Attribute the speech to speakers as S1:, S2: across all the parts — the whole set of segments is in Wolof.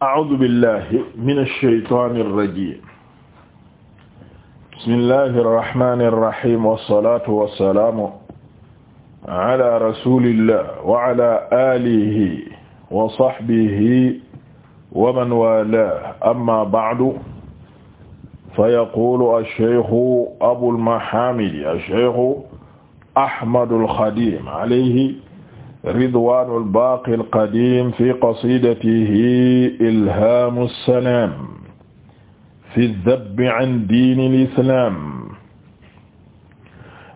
S1: a'uuzu billaahi mina shaytaani rajiim bismillaahi rahmaani rahiim wassalaatu wassalaamu alaa rasuulillaahi wa alaa aalihi wa sahbihi wa man waalaahu ammaa ba'du fayaquulu ash-shaykhu abul mahaamidi ash-shaykhu Ahmadul Xadiim alayhi ridwaanul baaqil qadiim fi qasiidatihi ilhaamu salaam fi zabbi an diinil islaam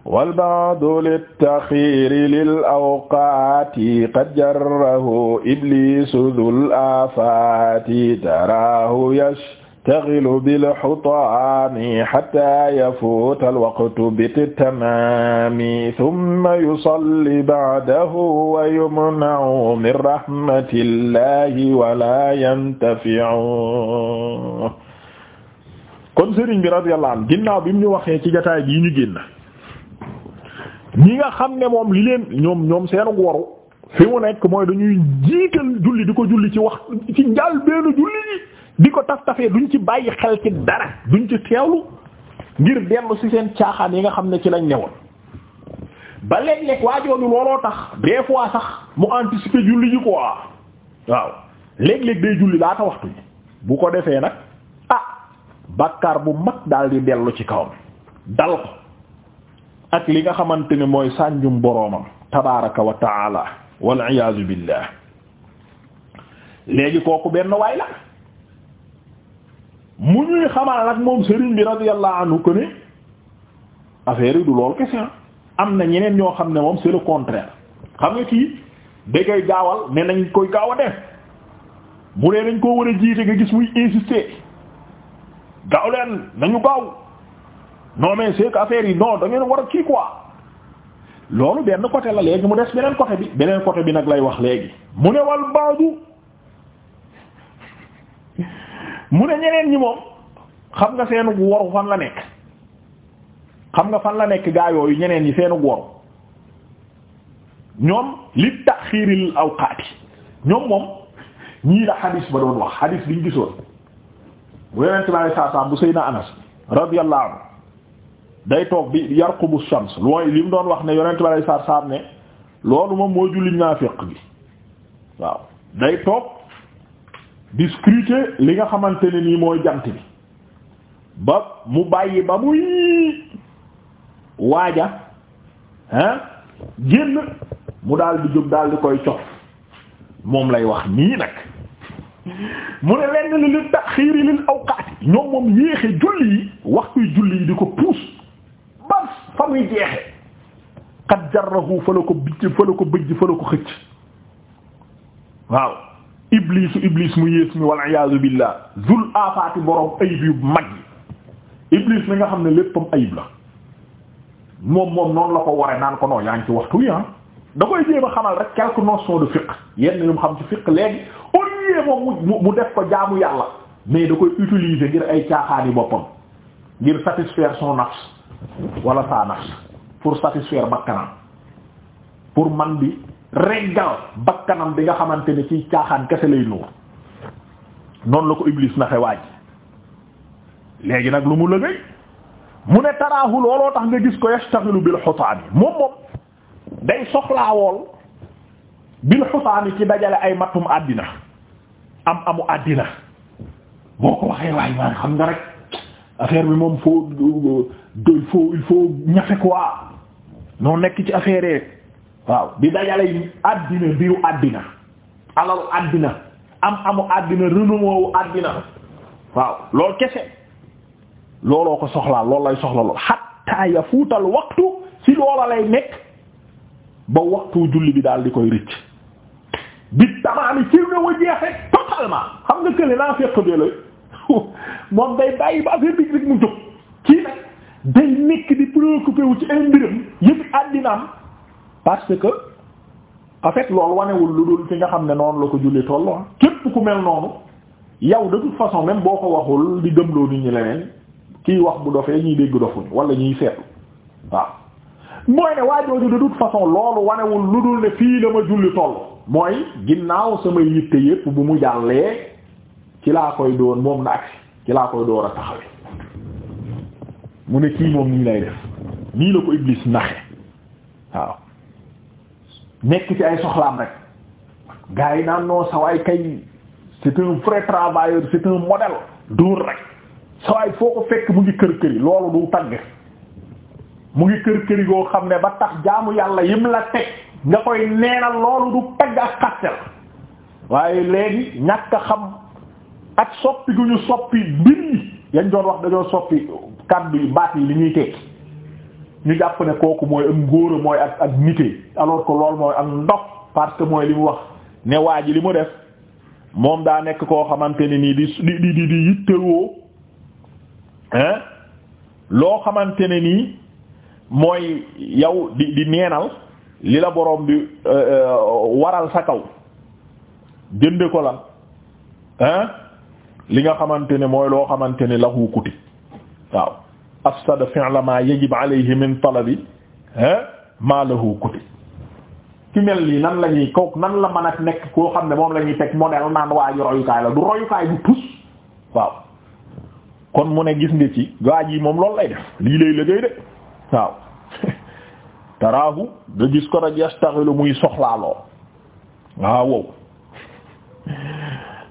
S1: wal baadu littaxiiri lil awqaati qad jarrahu ibliisu dul aafaati taraahu yash taxilu bil xutaami xataa yafuutal waqtu biti tamaami summa yusalli ba'dahu wa yumna'u min rahmatillahi wala yantafi'u kon sëriñ bi radiyallahu anhu ginnaaw bi mu ñu waxee ci jotaay bii ñu génn ñi nga xam ne moom li leen ñoom ñoom seen waru fi mu nekk mooy dañuy jiital julli di ko julli ci wax ci njaal benn julli di ko taf tafee duñ ci bàyyi xel ci dara duñ ci teewlu ngir dellu ci seen caaxaan yi nga xam ne ci lañ newoon ba léeg-léeg waajoonu looloo tax des fois sax mu anticiper julli ji quoi waaw léeg-léeg day julli laata waxtu ji bu ko defee nag ah bàkkaar bu mag daal di dellu ci kawam dal ko ak li nga xamante ni mooy sànjum boroomam tabaraka wa taala wal iyaazu billah léegi kooku benn waay la mu ñuy xamaa nag moom seriñ bi radiyallahu anhu ko ne affaire du lool question ah. am na ñeneen ñoo xam ne moom c'est le contraire xam nga kii dëggay gaawal ne nañ koy gaaw a def mu ne dañ koo war a jiite nga gis muy insister gaaw leen nañu gaaw non mais c'est que affaire yi non da war a kii quoi loolu benn côté la léegi mu des beneen côté bi beneen côté bi nag lay wax léegi mu ne wal baadu mu ne ñeneen ñi moom xam nga seenu woru fan la nekk xam nga fan la nekk gaa yooyu ñeneen ñi seenu woru ñoom li taxiiril awqaati ñoom moom ñii la xadiis ba doon wax xadiis bi gisoon bu yeneen naa saa saa bu Seydina Anas radiyallahu anhu day toog bi yarqubu shams looy li doon wax ne yonent bi alay saar saar ne loolu moom moo julli naafiq bi waaw day toog di li nga xamante ne nii mooy jant bi ba mu bàyyi ba muy waaja hein génn mu daldi di jóg daal koy cof moom lay wax nii nag mu ne lenn li li taxiiri lil awqaati ñoom moom yéexe julli yi waxtuy julli yi di ko puus ba fa muy jeexe xat jarrahu fa la ko bijj fa la ko xëcc waaw iblisu iblis mu yées mi wal iyaazu billah zul aafaati borom ayib yu mag yi iblis mi nga xam ne léppam ayib la moom moom noonu la ko waree naan ko noo yaa ngi ci waxtu yi ah da koy jéem a xamal rek quelques notions de fiqh yenn yu xam ci fiqh léegi moom mu def ko jaamu yàlla mais da koy utiliser ngir ay caaxaani boppam ngir satisfaire son nafs wala sa nafs pour satisfaire bakkanam pour man bi reggal kanam bi nga xamante ni ci caaxaan kese lay nuur noonu la ko Iblis naxe waaj léegi nag lu mu lëgëy mu ne taraahu looloo tax nga gis ko yastaxilu bil xusaani moom moom day soxlaawool bil xusaani ci dajale ay mattum àddina am amu àddina boo ko waxee waay maa xam nga rek affaire bi moom faut il faut il faut ñafe noo nekk ci affaire waaw di dajale àddina biiru àddina alalu àddina am amu àddina renouveau àddina waaw loolu kese looloo ko soxlaa loolu lay soxla lool hatta yafuutal waxtu ci loola lay nekk ba waxtu julli bi daal di koy rëcc bi tamaami ci ne wa jeexee totalement xam nga kële naa fekk bee la moom day bàyyi ba affaire bi rek mu jóg kii nag day nekk di préoccupé ci ay mbiram yëpp àddinaam parce que en fait loolu wanewul lu dul fi nga xam ne noonu la ko julli tollu ah. képp ku mel noonu yow de toute façon même boo ko waxul di gëmloo nit ñi leneen kiy wax bu dofee ñuy dégg dofuñu wala ñuy seetlu waaw mooy ne waa jooju de toute façon loolu wanewul lu dul ne fii la ma julli tollu mooy ginnaaw sama yitte yépp bu mu jàllee ci laa koy doon moom na agsi ci laa koy door a taxawe mu ne kii moom nii lay def nii la ko Iblis naxe waaw nekk ci ay soxlaam rek gars yi naan noo sawaay kay c'est un vrai travailleur c'est un modèle duur rek sawaay foo ko fekk mu ngi kër këri loolu du tagg mu ngi kër këri goo xam ne ba tax jaamu yàlla yim la teg nga koy neenal loolu du tagg ak xastel waaye léegi ñàkk a xam ak soppi gu ñu soppi mbir yi yañ doon wax dañoo soppi kàddu yi baat yi li ñuy tekki ñu jàpp ne kooku mooy am ngóora mooy ak ak nité alors que loolu mooy ak ndox parce que mooy li mu wax ne waa ji li mu def moom daa nekk koo xamante ne nii di di di di yittewoo loo xamante ne nii mooy yow di di neenal li la boroom bi euh, euh, waral sa kaw jënde ko la hein li nga xamante ne mooy loo xamante ne lahu kuti waaw afsada fi'la ma yajib alayhi min talabi ma lahu kutib ki mel nii nan la ñuy kook nan la mën a nekk koo xam ne moom la teg modèle naan waa royukaay la du royukaay bu tus waaw kon mu ne gis nga ci gaa ji moom lool lay def lii lay liggéey de waaw taraahu nga gis ko rek yastaxilu muy soxlaaloo waaw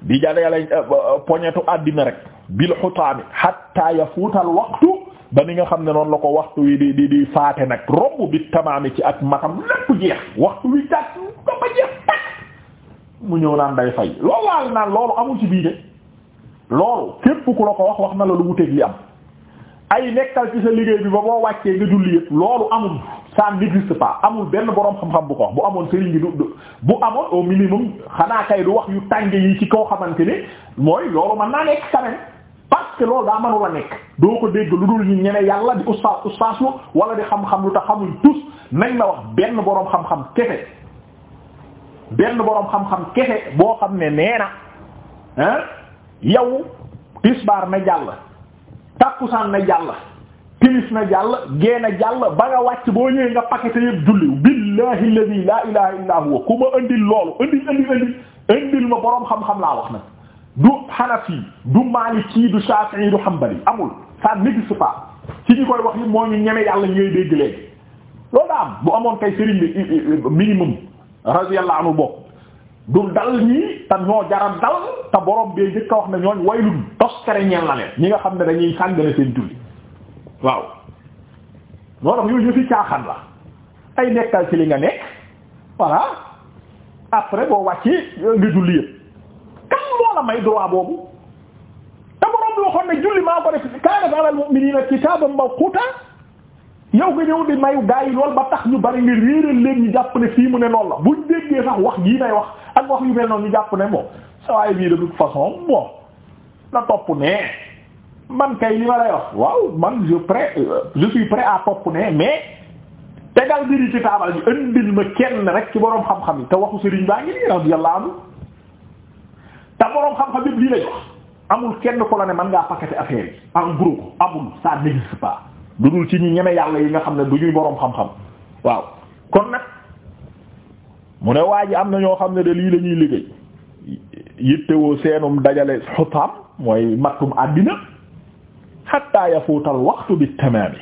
S1: di jàll yàlla eh, poñetu àddina rek bil xutaami xatta yafuutal waxtu ba ni nga xam ne noonu la ko waxtu wi di di di faate nag romb bi tamaami ci ak matam lépp jeex waxtu wi jàpp ba jeex pat mu ñëw naan day fay loolu loolu amul ci bii loolu képp la ko wax wax na la lu am ay nekkal ci sa bi ba boo wàccee nga loolu amul ça n'existe pas amul benn boroom xam-xam bu ko wax bu amoon sëriñ bi du bu amoon au minimum xanaa kay du wax yu tàng yi ci koo xamante ni mooy loolu mën naa nekk quand même parce loolu daa mënul a nekk. doo ko dégg lu dul ñu ñene yàlla di ustaas ustaas lu wala di xam-xam lu tax xamuñ tus nañ la wax benn boroom xam-xam kese benn boroom xam-xam kese boo xam ne nee na ah yow tisbaar na jàll tàkkusaan na jàll timis na jàll gée na jàll ba nga wàcc boo ñëwee nga paqueté yëpp julliw billahi alladhi la ilaha huwa ku ma andil loolu andil andil andil ma boroom xam-xam laa wax nag du Hanafi du Maliki du Shafi'i du Hanbali amul ça n'existe pas ci ñu koy wax moo ñu ñeme yàlla ñooy dégg léegi loolu daa am bu amoon kay sëriñ bi minimum radiyallahu anhu bokk du dal ñii te ñoo jara dal te borom bee njëkk a wax ne ñooñ waylun toskare ñeel na leen ñi nga xam ne dañuy sàngale seen julli waaw moo tax yooyu yëfi caaxaan la ay nekkal ci li nga nekk voilà après boo wàccee nga julli yëpp la may droit boobu te borom bi waxoon ne yi lool ba tax ñu bari nga fii mu ne noonu la wax gii nay wax ak wax yu mel noonu ñu jàpp ne moom sawaay man kay li ma lay wax waaw man je prêt je suis prêt à topp nee mais tegal mbiri ci taabal ji indil ma kenn rek ci boroom xam-xam yi te waxu sëriñ baa ngi nii radiyallahu anhu te borom xam-xam yëpp lii lay amul kenn ko la ne mën ngaa paqueté affaire yi en gros amul ça n'existe pas du dul ci ñi ñeme yàlla yi nga xam ne du ñuy borom xam-xam waaw kon nag mu ne waa ji am na ñoo xam ne de lii lañuy liggéey yittewoo seenum dajale xutaam mooy mattum àddina hatta yafuutal waxtu bi tamaami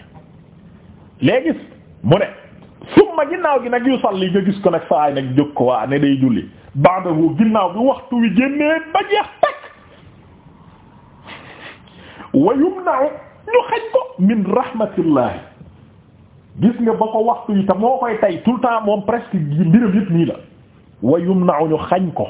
S1: léegi mu ne summa ginnaaw gi nag yu salli nga gis ko nag saay nag jóg ko waa ne day julli ba'dahu ginnaaw bi waxtu wi génnee ba jeex takk wa yumna'u ñu xañ ko min rahmatillahi gis nga ba ko waxtu yi te moo koy tay tout le temps moom presque mbiram yëpp nii la wa yumna'u ñu xañ ko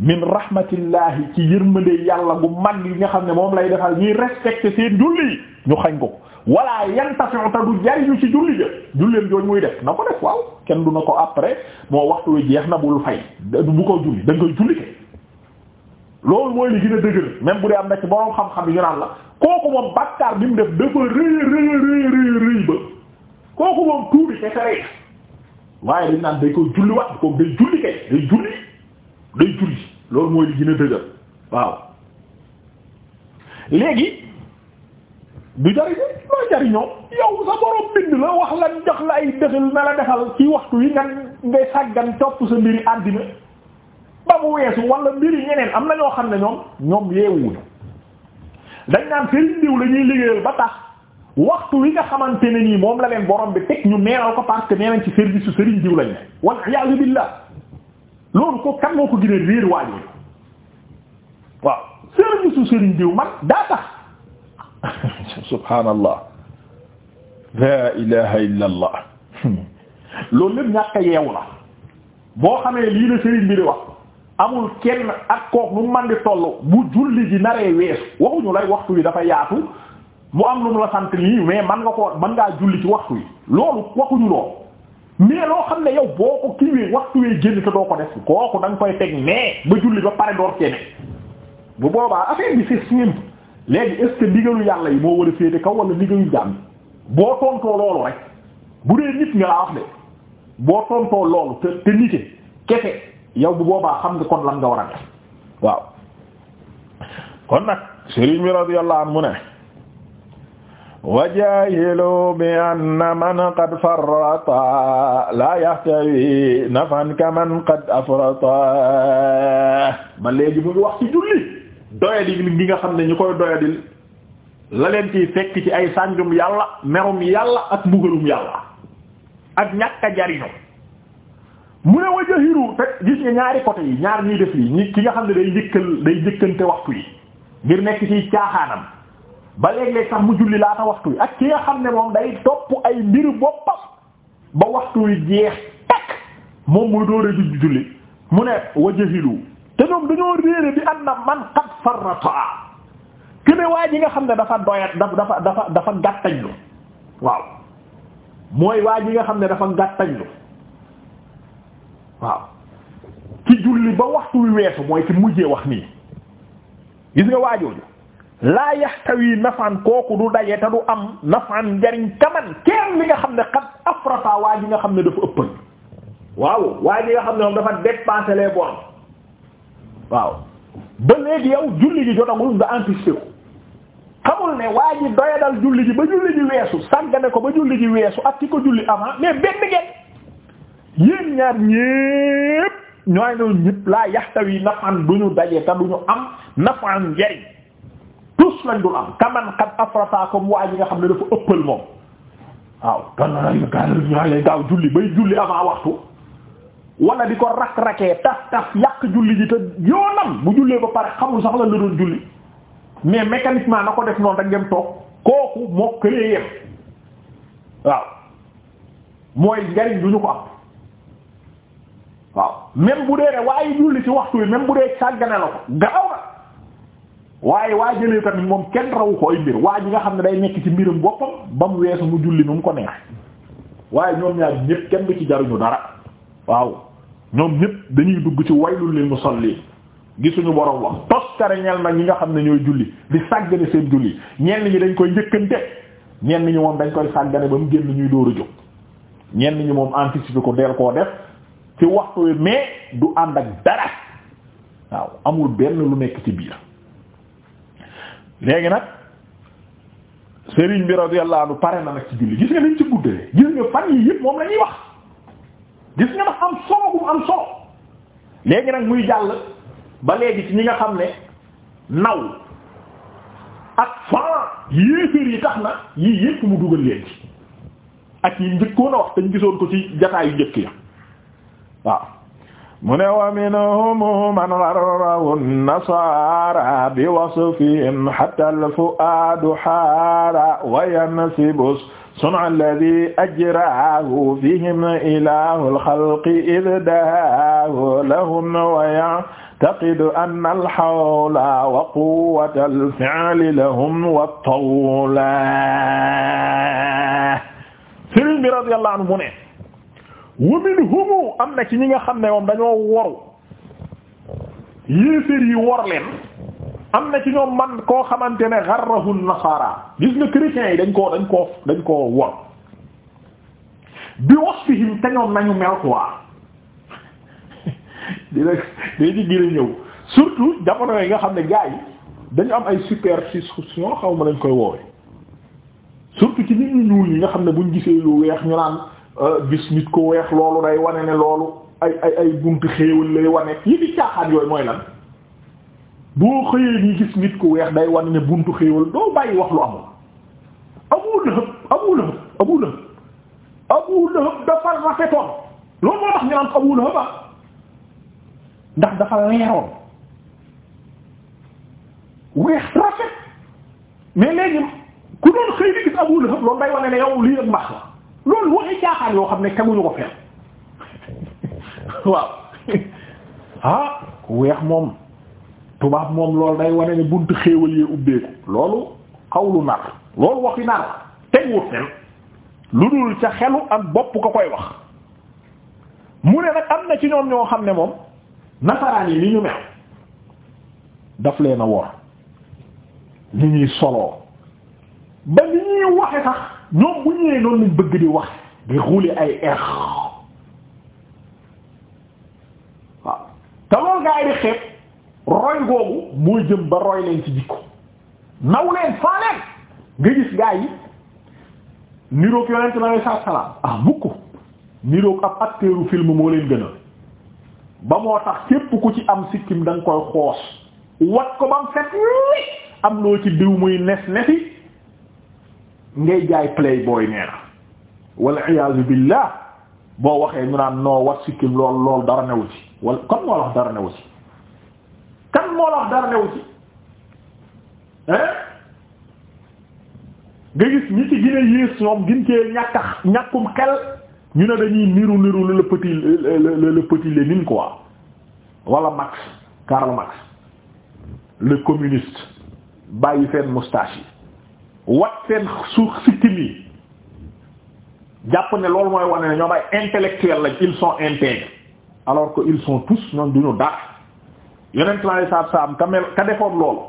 S1: min rahmatillahi ci yërmande yàlla gu mag yi nga xam ne moom lay defal ñuy respecté seen julli ñu xañ ko wala yantafi'u ta du jariñu ci julli ja julleen jooñ muy def na ko def waaw kenn du na ko après moo waxtu wi jeex na bul fay bu ko julli da nga koy julli ke loolu mooy li même bu dee am na ci borom xam-xam la kooku moom bàkkaar bi mu def dafa rëy rëy ba kooku moom tuuti ca sa rëy waaye dañ naan day ko julliwaat kooku day julli kay day julli day julli loolu mooy li gën dëgër waaw léegi. du jariñ looy jariñoo yow sa borom bind la wax la jox la ay dëxal na la defal ci waxtu yi nga ngay sàggan topp sa mbiri àddina ba mu weesu wala mbiri ñeneen am na ñoo xam ne ñoom ñoom yeewuñu dañ naan seen diw la ñuy liggéeyal ba tax waxtu wi nga xamante ne nii moom la leen borom bi teg ñu meeral ko parce que nee ci service su Serigne diw lañ ne wal iyaazu billah loolu ko kan moo ko gën a réer waaye waaw service su Serigne diw man daa tax. subhaanallah laa ilaha illa allah loolu lépp ñàkk yeewu la boo xamee lii la sëriñ bi di wax amul kenn ak kook nu man di bu julli ji naree weesu waxuñu lay waxtu wi dafa yaatu mu am lu mu la sant lii mais man nga ko mën ngaa julli ci waxtu wi loolu waxuñu loolu mais loo xam ne yow boo ko kiiwee waxtu wee génn te doo ko def kooku da nga koy teg mais ba julli ba pare door kene bu boobaa affaire bi c'est simple léegi est ce que ndigalu yàlla moo war a kaw wala ndigalu jaam boo tontoo loolu rek bu dee nit nga laa wax de boo tontoo loolu te te nite kese yow bu boobaa xam nga kon lan nga waaw kon nag sëriñ bi radiyallahu anhu mu ne bi anna man qad farrata la yahtawi nafan kaman qad afrata ba léegi mu ngi wax julli doyadil gi nga xam ne ñu koy doyadil la leen ci fekk ci ay sànjum yàlla merum yàlla ak mbugalum yàlla ak ñàkk a mu ne wa te gis nga ñaari côté yi ñaar ñuy def yi ñi ki nga xam ne day njëkkal day njëkkante waxtu yi ngir nekk ci caaxaanam ba léeg-léeg sax mu julli laata waxtu yi ak ki nga xam ne moom day topp ay mbiru boppam ba waxtu yi jeex takk moom muy dóore du julli mu ne wa te ñoom dañoo réere bi am na man qad farrata kene waa ji nga xam ne dafa doyat dafa dafa dafa gàttañlu waaw mooy waa ji nga xam ne dafa gàttañlu waaw ci julli ba waxtu wi weesu mooy ci mujjee wax nii gis nga waajooju laa yaxtawi nafan kooku du daje te du am nafan njariñ kaman kenn li nga xam ne qad afrata waa ji nga xam ne dafa ëppal waaw waa ji nga xam ne moom dafa dépasser les bornes waaw ba léegi yow julli ji jotagul nga anticipé ko xamul ne waa ji doyadal julli ji ba julli ji weesu sàggane ko ba julli ji weesu ak ki ko julli avant mais benn ngeen yéen ñaar ñépp ñooy noonu ñépp laa yaxtawi nafan du ñu daje te du ñu am nafan njariñ tous lañ dul am kaman xat afrataakom waa ji nga xam ne dafa ëppal moom waaw tan lay gaaw julli bay julli avant waxtu wala di ko rak-rakee taf taf yàq julli ji te yoonam bu jullee ba pare xamul sax la doon julli mais mécaniquement na ko def noonu rek dem toog kooku moo këlee yem waaw mooy ñu ko waaw même bu dee ne waaye julli ci waxtu wi même bu dee sàggane la ko garaw na waaye waa jëlee tamit moom kenn rawu ko ay mbir waa ji nga xam ne day nekk ci mbirum boppam ba mu weesu mu julli nu mu ko neex waaye ñoom ñaar ñépp kenn du ci jaruñu dara waaw ñoom ñëpp dañuy dugg ci waylul lil musalliin gisuñu borom wax toskare ñel nag ñi nga xam ne ñooy julli di sàggane seen julli ñenn ñi dañ koy njëkkante ñenn ñi moom dañ koy sàggane ba mu génn ñuy dóor a jóg ñi moom anticiper ko deel koo def ci waxtu wi mais du ànd ak dara waaw amul benn lu nekk ci biir léegi nag Serigne bi radiyallahu anhu pare na nag ci julli gis nga niñ ci guddee gis nga fan yi yëpp moom la wax gis nga dafa am solo am solo léegi nag muy jàll ba léegi ci ñi nga xam ne naw ak fan yéeféer yi tax na yii yépp mu dugal leen ak yi njëkkoon a wax dañ gisoon ko ci jataayu njëkk ya waaw mu ne wa minhum man gharrahu nasaara bi wasfihim hatta al-fu'aadu haara wa yansibu sun'a alladhi ajraahu fihim ilaahul khalqi idh dahaahu lahum wa ya'taqidu anna al-hawla wa quwwata al-fi'li lahum wat-tawla Sëriñ bi radiyallahu anhu mu ne wa minhum am na ci ñi nga xam ne moom dañoo woru yéeféer yi wor leen am na ci ñoom man koo xamante ne garrahu nasaara gis nga chrétiens yi dañ koo dañ koo dañ koo wor bi wasfihim te ñoom nañu mel quoi di dina ci gën a ñëw surtout jamono yi nga xam ne gars yi dañu am ay superstition xaw ma dañ koy woowee surtout ci nit ñu ñuul yi nga xam ne buñ gisee lu weex ñu naan Ah, gis nit ko weex loolu day wane ne loolu ay ay ay buntu xéewal lay wane yi di caaxaan yooyu mooy lan boo xëyee ni gis nit ku weex day wane ne buntu xéewal doo bàyyi wax lu amul Abu Lahab Abu Lahab Abu Lahab Abu Lahab dafa rafetoon loolu moo tax ñu naan Abu Lahab ah ndax dafa leeroon weex rafet mais léegi ku doon xëy ni gis Abu Lahab loolu day wane ne yow lii ak mbaax la loolu waxi caaxaan yoo xam ne teguñu ko fenn waaw ah weex moom tubaab moom loolu day wane ne buntu xéewal yee ubbeeku loolu xawlu nar loolu waxi nar teguwut fenn lu dul ca xelu ak bopp ko koy wax mu ne nag am na ci ñoom ñoo xam ne moom nasaraan yi li ñu mel daf leen a wor li ñuy soloo ba li ñuy waxe sax ñoom bu ñëwee noonu lañ bëgg di wax di rouler ay air waaw te loolu nga ay di xeet roy googu mooy jëm ba roy leen ci jikko naw leen faa nga gis gaa yi niroog yonent bi alei saatu salaam ah mukk niroog ab acteuru film moo leen gën a ba moo tax képp ku ci am sikkim da nga koy xoos wat ko bam set am loo ci diw muy nes nesi ngay jaay playboy nee na wal iyaazu billah boo waxee ñu naan noo war sikkim lool lool dara newu ci wala kan moo la wax dara newu ci kan moo la wax dara newu ci hein nga gis ñi ci gën a yées ñoom gin cee ñàkkax ñàkkum xel ñu ne dañuy niru niru le petit le petit Lénine quoi wala Marx Karl le communiste bàyyi seen moustache yi wat seen suuf sikkim yi jàpp ne loolu mooy wane ne ñoom ay intellectuels lañ ils sont intègres alors que ils sont tous ñoom du ñu dara yeneen classes saab saab ka mel ka defoon loolu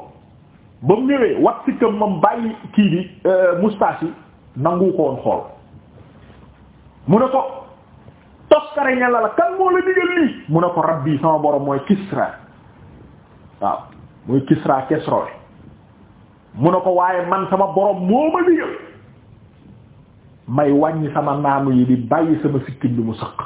S1: ba mu ñëwee wat sikkam moom bàyyi kii bi euh, mustasi nangu ko woon xool mu ne ko toskare ña la la kan moo la digal lii mu ne ko rabbi sama borom mooy Kisra waaw mooy Kisra Kesro mu ne ko waaye man sama borom moo ma digal may wàññi sama naanu yi di bàyyi sama sikkin bi mu sëq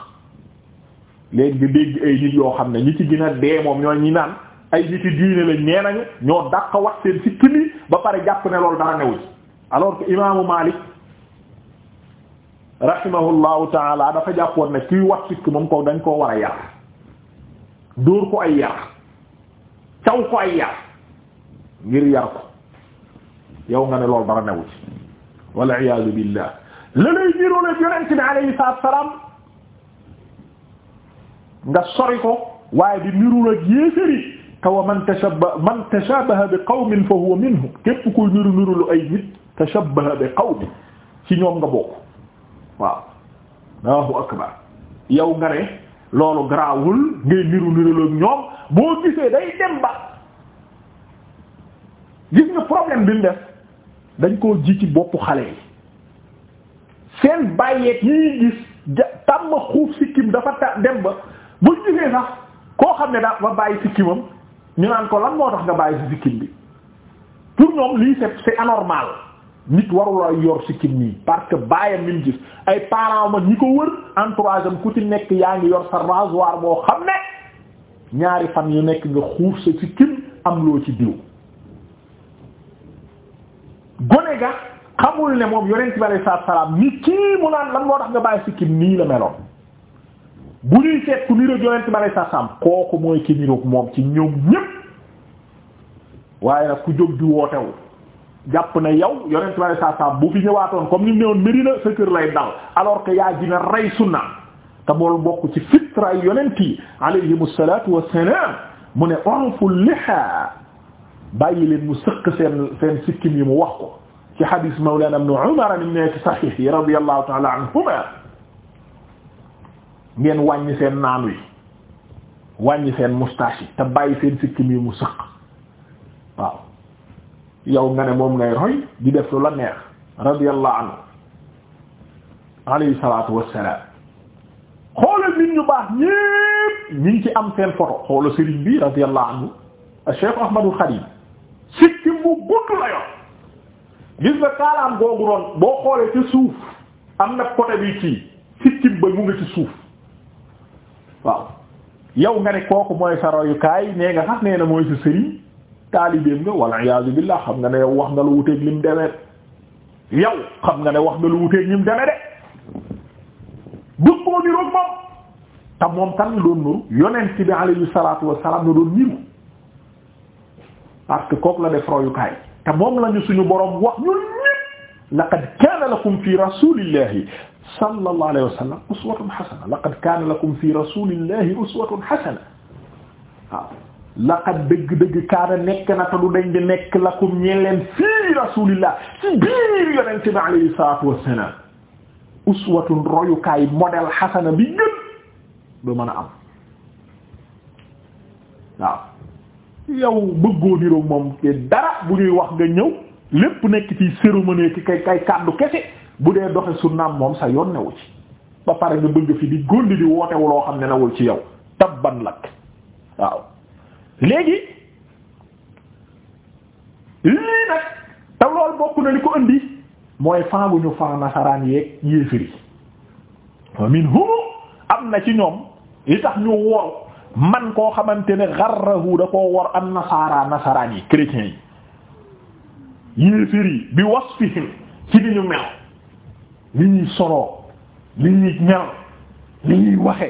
S1: léegi di dégg ay nit yoo xam ne ñi ci gën dee moom ñoo ñi naan ay nit ci diine lañ nee nañu ñoo dàq wax seen sikkin yi ba pare jàpp ne loolu dara new ci alors que imaamu Maalik rahimahullahu taala dafa jàppoon ne kuy wax sikk moom ko dañ koo war a yar dóor ko ay yar caw ko ay yar ngir yar ko yow nga ne loolu dara newu ci walla iyaazu billaah la lay niroole yonent bi alayhi salaatu wa salaam nga sori ko waaye di niru ak yéeféri te wa man tashabba man tashabaha bi qawmin fa huwa minhum képp kuy niru niru lu ay nit tashabbaha bi qawmin ci ñoom nga bokk waaw Allahu akbar yow nga ne loolu garaawul ngay niru niru lu ñoom boo gisee day dem ba gis nga problème bi mu def dañ koo ji ci boppu xale yi seen bàyyeeg yi ñuy gis ja tàmm xuuf sikkim dafa dem ba bu gisee sax koo xam ne daa ba bàyyi sikkimam ñu naan ko lan moo tax nga bàyyi si sikkim bi pour ñoom lii c'est c'est anormal nit warula yor sikkim nii parce que bàyyam mi gis ay parents ma ñi ko wër entourage am ku ci nekk yaa ngi yor sa rasoir boo xam ne ñaari fan yu nekk nga xuuf sa sikkim am loo ci diw gone ga xamul ne moom yonent bi alayhi salaam ni kii mu naan lan moo tax nga bàyyi sikkim nii la meloon bu ñuy seet ku niroog yonent bi alayhi salaatu salaam kooku mooy ki niroog moom ci ñoom ñépp waaye nag ku jóg di wootewu jàpp ne yow yonent bi alayhi salaam bu fi ñëwaatoon comme ni mu newoon Medina sa kër lay dal alors que yaa dina rey sunna te bool bokk ci fitra yonent yi alayhimu salaatu wassalaam mu ne unful lihaa bàyyi leen mu sëq seen seen sikkim yi mu wax ko ci hadis mawlana ibn Umar ni ne ci saxiix yi radiyallahu ta'ala anhuma ngeen wàññi seen naanu yi wàññi seen moustache yi te bàyyi seen sikkim yi mu sëq waaw yow nga ne moom ngay roy di def lu la neex radiyallahu anhu alayhi salaatu wassalaam xoolal nit ñu baax ñépp ñi ngi ci am seen photo xoolal sëriñ bi radiyallahu anhu Cheikh Ahmadul Khadim gudd la yoon gis nga kaalaam googu noonu boo xoolee ci suuf am na côté bi ci sikkim ba mu nga ci suuf waaw yow nga ne kooku mooy sa royukaay nee nga sax nee na mooy sa sëriñ taalibeem nga walla iyaazu billaah xam nga ne yow wax nga lu wuteeg lim demee yow xam nga ne wax nga lu wuteeg lim demee de bëgg koo niroog moom te moom kan la doon niru yonent bi alayhi salaatu wa doon niru parce que kooku la def royukaay te moom lañu suñu boroom wax ñun ñépp laqad kaana lakum fi rasulillahi sallallahu alayhi wa sallam uswatun hasana laqad kaana lakum fi rasulillahi uswatun hasana waaw laqad dëgg-dëgg kaana nekk na te du dañ di nekk lakum ñeen leen fii rasulillah ci biir yonente bi alayhi salatu wassalam uswatun royukaay modèle hasana bi gën du mën a am waaw yow bëggoo niroog moom dara bu ñuy wax nga ñëw lépp nekk ci cérémonie ki kay kay kese bu dee doxe su sunnaam moom sa yoon newu ci ba pare nga bëgg fi di góndi di wootewu loo xam ne newul ci yow tabban lak waaw léegi lii nag te lool bokk na li ko indi mooy faagu ñu faa nasaraan yeeg yéefiri wa min humu am na ci ñoom li tax ñu wor man koo xamante ne xarrahu da koo war an nasaara nasaraan yi chrétiens yi yéefér yi bi wasfihim ci li ñu mel li ñuy soloo li ñuy mel li ñuy waxe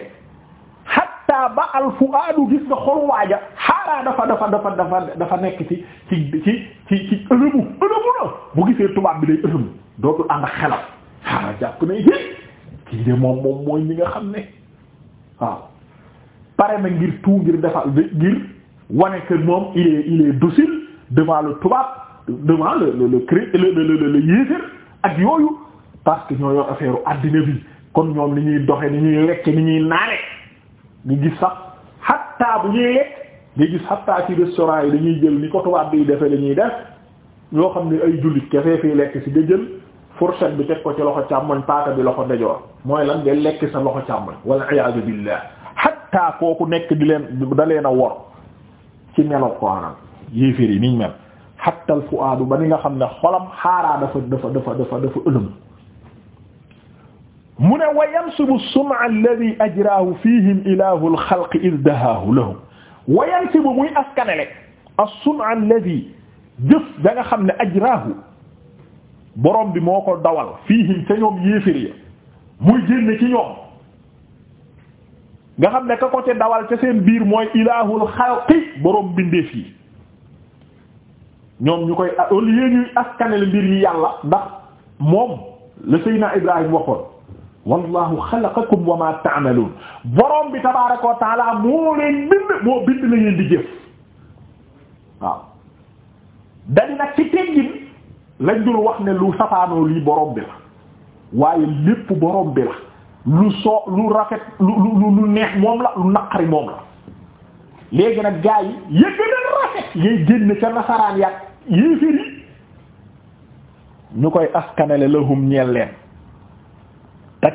S1: hatta ba al gis nga xol waaja xaaraa dafa dafa dafa dafa dafa nekk ci ci ci ci ci ëlëmu ëlëmu na bu gisee tubaab bi day ëlëmu dootul ànd ak xelam xaaraa jàpp na hé kii de moom moom mooy ñi nga xam ne waaw pare na ngir tout ngir defal ngir wane que moom il est il est tubaab devant le le le le le yéefér ak yooyu parce que ñoo yor affaire àddina bi kon ñoom li ñuy doxe ni ñuy lekke ni ñuy naane nga gis sax xattaa bu ñuy lekk nga gis xattaa ci restaurant yi dañuy jël ni ko tubaab bi defe la ñuy def yoo xam ne ay jullit kefee fii lekk si nga jël fourchette bi teg ko ci loxo càmmoñ paaka bi loxo ndejoor mooy lan nga lekk sa loxo càmmoñ wala iyaadu billah xattaa ku nekk di leen da leen a wor ci melo xooanam niñ mel xattal fuaadu ba ni nga xam ne xolam xaaraa dafa dafa dafa dafa dafa ëlëm mu ne wa yansibu suma alladi ajraahu fihim ilahu alxalqi id dahaahu lahum muy askanele as-suna alladi xam ne ajraahu borom bi moo ko dawal fihim ca ñoom yéeféer ya muy génne ci ñoom nga xam ne ka ko ca dawal ca seen biir mooy ilaahul xalqi borom bindeef yi ñoom ñu koy au lieu ñuy askanele mbir yi yàlla ndax moom la Seydina Ibrahim waxoon wallahu xalaqakum wa ma ta'malun boroom bi tabaaraka wa taala moo leen bind moo bind la ngeen waaw dañ nag ci teggin lañ wax ne lu safaanoo lii borom bi la waaye lépp borom bi la lu soo lu rafet lu lu lu neex moom la lu naqari moom la léegi nag gaa yi yëgën a rafet yay génn ca nasaraan ñu koy askanale lahum ñeel leen te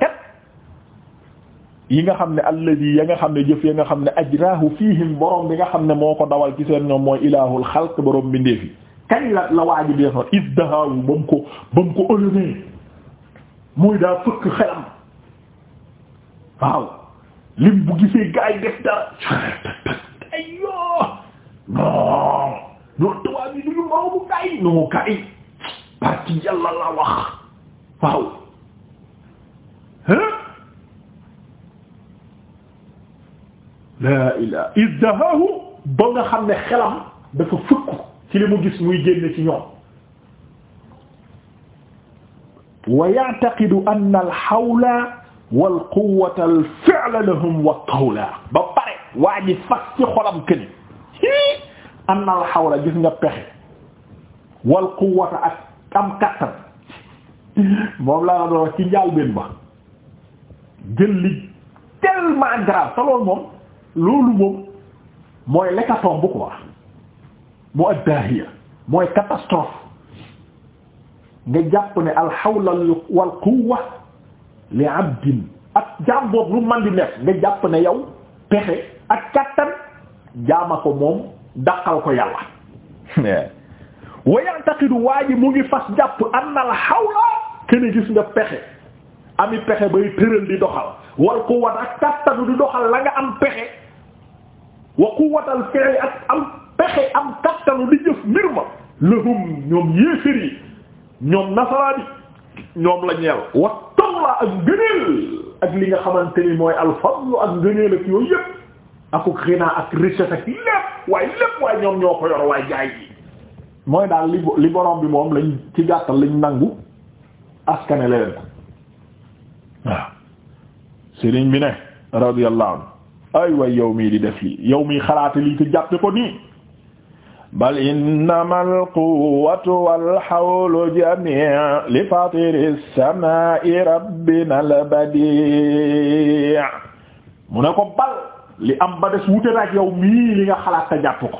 S1: yi nga xam ne alladi ya nga xam ne jëf ya nga xam ne ajrahu fihim borom bi nga xam ne moo ko dawal ci seen ñoom mooy ilahul xalq borom bi ndeefi kañ la la waaji bi defoon ba mu ko ba mu ko ëllëgee mooy daa fëkk xelam waaw lim bu gisee gars yi def dara ayyoo non non tubaab yi du ñu moromu gars yi non gars yi parti wax waaw hein la ilaa izdahaahu ba nga xam ne xelam dafa fëkk ci li mu gis muy génn ci ñoom wa ya'taqidu al-hawla wal quwwatal fi'la lahum wa qawla ba pare waa ji fas ci xolam këni hii am na la gis nga pexe wal quwwata ak am kattan moom laa la doon wax ci njàlbéen ba li tellement grave te loolu moom loolu moom mooy l'hécatombe quoi mu addaahiya mooy catastrophe nga jàpp ne al wal quwwa li abdin ak jaam boobu lu man di nekk nga jàpp na yow pexe ak kattan jaama ko moom daqal ko yàlla wa ya'taqidu waa ji mu ngi fas jàpp anna al hawla kene gis nga pexe ami pexe bay tëral di doxal wal quwwat ak kattanu di doxal la nga am pexe wa quwwatal fi'l ak am pexe am kattanu di jëf mbir ma lahum ñoom yéefér yi ñoom nasaraan yi ñoom la ñeel wat allah ak ngëneel ak li nga xamante ni mooy alfadlu ak ngëneel ak yooyu yëpp akuk xinaa ak richesse ak lépp waaye lépp waaye ñoom ñoo ko yor waaye jaay mooy daal li bi moom lañ ci gàttal lañ nangu askane leen ko bi na radiyallahu anhu ay way yow mii di def lii yow mii xalaate ko nii bal innamal quwwatu wal hawlu jamii' li faatiris samaa'i rabbinal badii' mu ne ko bal li am ba des wute yow mii li nga xalaat ta jàpp ko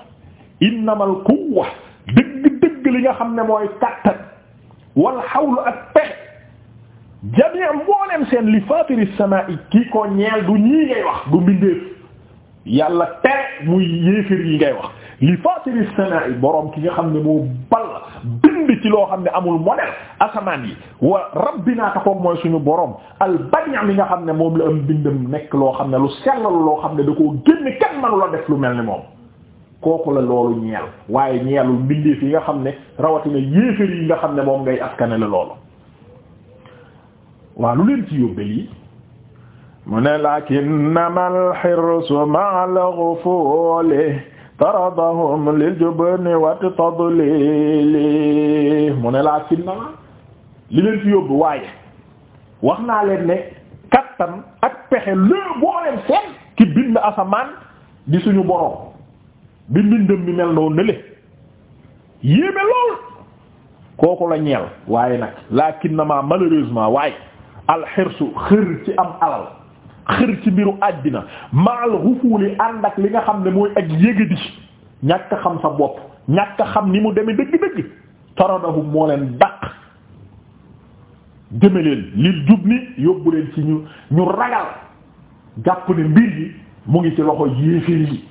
S1: innamal quwwa dëgg-dëgg li nga xam ne mooy kàttan wal hawlu ak pexe jamii' mboolem seen li faatiris samaa'i kii ko ñeel du ñii ngay wax du mbindeef yàlla tere muy yéefir yi ngay wax li faatiri samaa'i borom ki nga xam ne moo bal bind ci loo xam ne amul modèle asamaan yi wa rabbinaa taxoog mooy suñu boroom al bani' nga xam ne moom la am bindam nekk loo xam ne lu sell loo xam ne da koo génne kenn mënu def lu mel ni moom. kooku la loolu ñeel waaye ñeelul mbindeef yi nga xam ne rawatina yéefar yi nga xam ne moom ngay askane la loolu waa lu leen ci yóbbee lii mu ne lakinnama al hirsu ma'al ghufuli taradahum lil jubni wat tadlili mu ne laa sin li leen fi yóbbu waaye wax naa leen ne kattan ak pexe lée boo leen seen ki bind asamaan di suñu borom bi mbindam mel noo nële yéeme lool kooku la ñeel waaye nag lakin na ma malheureusement waaye alxirsu xër ci am alal xër ci mbiru àddina maal xufuuli ànd ak li nga xam ne mooy ak yëgadi ñàkk xam sa bopp ñàkk xam ni mu demee dëgg-dëgg taradahum moo leen daq deme leen lil jub ni yóbbu leen ci ñu ñu ragal jàpp ne mbir yi mu ngi ci loxo yéeféer yi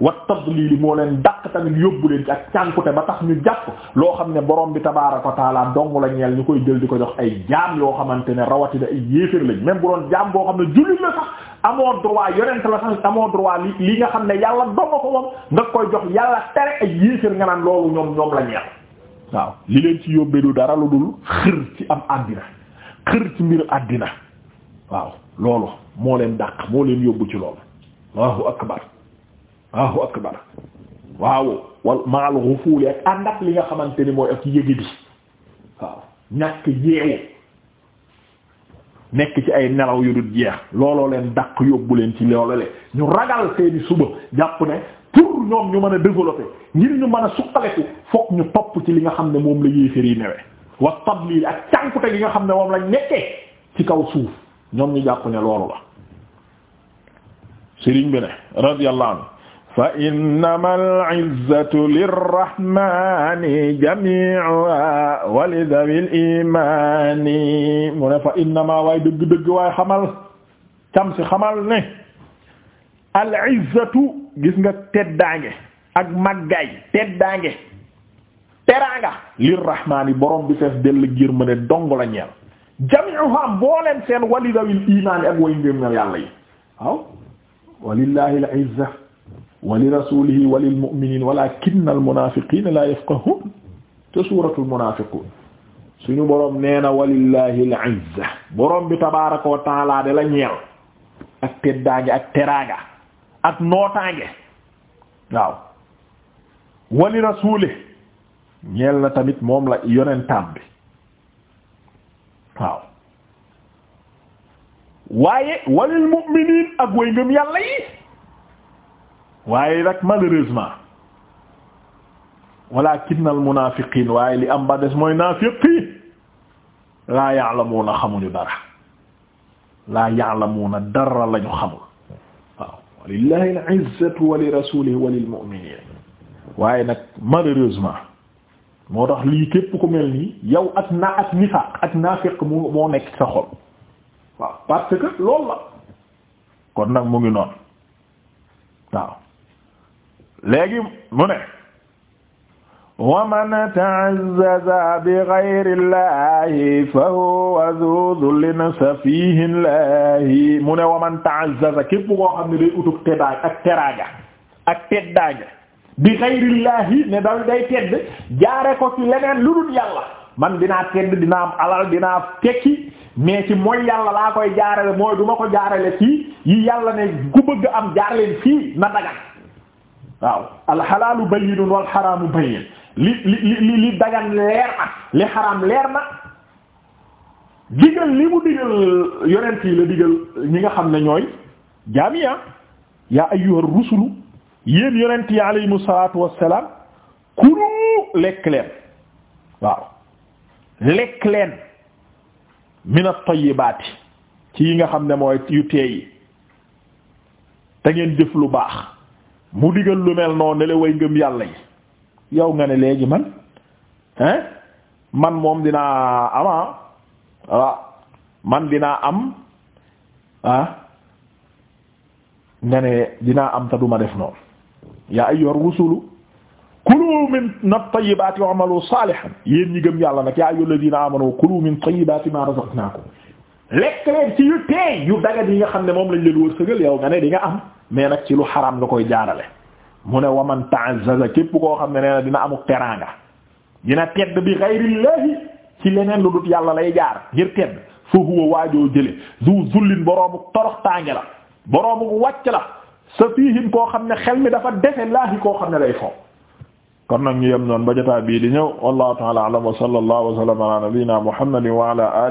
S1: wa tadlili moo leen dàq tamit yóbbu leen ci ak cànkute ba tax ñu jàpp loo xam ne borom bi tabaaraka wa taala dong la ñeel ñu koy jël di ko jox ay jaam yoo xamante ne rawatina ay yéeféer lañ même bu doon jaam boo xam ne jullit la sax amoo droit yonent la sax amoo droit li nga xam ne yàlla dong ko moom nga koy jox yàlla tere ay yéeféer nga naan la waaw li leen ci yóbbee du dara lu dul xër ci am àddina xër ci mbir àddina waaw loolu moo leen dàq moo leen yóbbu ci loolu allahu akbar Allahu akbar waaw wal maal xufuuli ak ànd ak li nga xamante ni mooy ak yëgi bi waaw ñàkk yeewu nekk ci ay nelaw yu dul jeex looloo leen dàq yóbbu leen ci loolole ñu ragal seeni suba jàpp ne pour ñoom ñu mën a développer ngir ñu mën a suqaleku fokk ñu topp ci li nga xam ne moom la yéeféer yi newee wax tabliil ak cànkute gi nga xam ne moom lañ nekkee ci kaw suuf ñoom ñu jàpp ne loolu la sëriñ bi ne radiyallahu anhu fa innama al-izzatu lirrahmani jami'uha wa li dhawil imani mu ne fa waay dëgg-dëgg waay xamal cam si xamal ne al-izzatu gis nga teddaange ak màggaay teddaange teraanga lirrahmani borom bi fees dell ngir ne dong la ñeel jami'uha seen wa li dhawil imani ak way ngëm yàlla yi waaw walillahi al-izza wa li rasulihi wa lil mu'minin walakinna al munafiqina la yafqahun te suratul munafiqun suñu borom nee na walillahi al izza bi tabaaraka wa de la ñeel ak teddaange ak teraaga ak nootaange waaw wa li rasulihi tamit moom la yonentam waaw waaye walil mu'minin ak way ngëm yàlla yi waaye nag malheureusement walaakinna al munaafiqiin waaye li am ba des mooy naafiqi laa ya'lamuuna xamuñu dara laa ya'lamuuna dara lañu xamul waaw walillahi al izzatu wa li rasuulihi wa lil mu'miniin waaye nag malheureusement moo tax lii képp ku mel nii yow ak naa ak nifaaq ak naafiq moo nekk sa xol waaw parce que la kon nag mu ngi noonu waaw léegi mu ne wa man ta'azzaza bi ghayri fa huwa dhu dhullin safihin lahi mu ne wa man ta'azzaza képp koo xam ne day utug teddaay ak teraanga ak teddaanga bi ghayri ne dal tedd jaare ko ci leneen lu dul yàlla man dinaa tedd dinaa am alal dinaa tekki mais ci mooy yàlla laa koy jaarale mooy du ma ko jaarale fii yi yàlla ne ku bëgg am jaarale fii na dagan waaw alxalaalu bayyinun wal xaraamu bayyin li li li dagan leer na li xaraam leer na digal li mu digal yonent yi la digal ñi nga xam ne ñooy jaamiya ah. yaa ayyuhar rusulu yéen yonent yi alayhimu salaatu wassalaam kulu lekk leen waaw lekk leen min at-tayyibaati ci yi nga xam ne mooy yu teey te ngeen jëf lu baax mu digal lu mel noonu ne la way ngëm yàlla yi yow nga ne léegi man hein man moom dinaa ama ah? ah man dinaa am ah nga ne dinaa am ta duma def noonu yaa ayyuhar rusulu kulu min nat tayyibati wa'malu salihan yéen ñi gëm yàlla nag yaa ayyuhal ladina amanu kulu min tayyibati ma razaqnakum lekk leen ci yu teey yu dagat yi nga xam ne moom lañ leen wërsëgal yow nga ne dinga am mais nag ci lu xaraam nga koy jaarale mu ne waman ta'azzaza képp koo xam ne nee na dina amuk teraanga dina tedd bi ghayrillahi ci leneen lu dut yàlla lay jaar ngir tedd fa huwa waajoo jële du zullin boroomu torox tànge la boroomu wàcc la sa fiihin koo xam ne xel mi dafa defe laahi koo xam ne lay fo kon nag ñu yem noonu ba bii di ñëw wallahu ta'ala a'lam wa sallallahu wa sallama ala nabiyyina muhammadin wa ala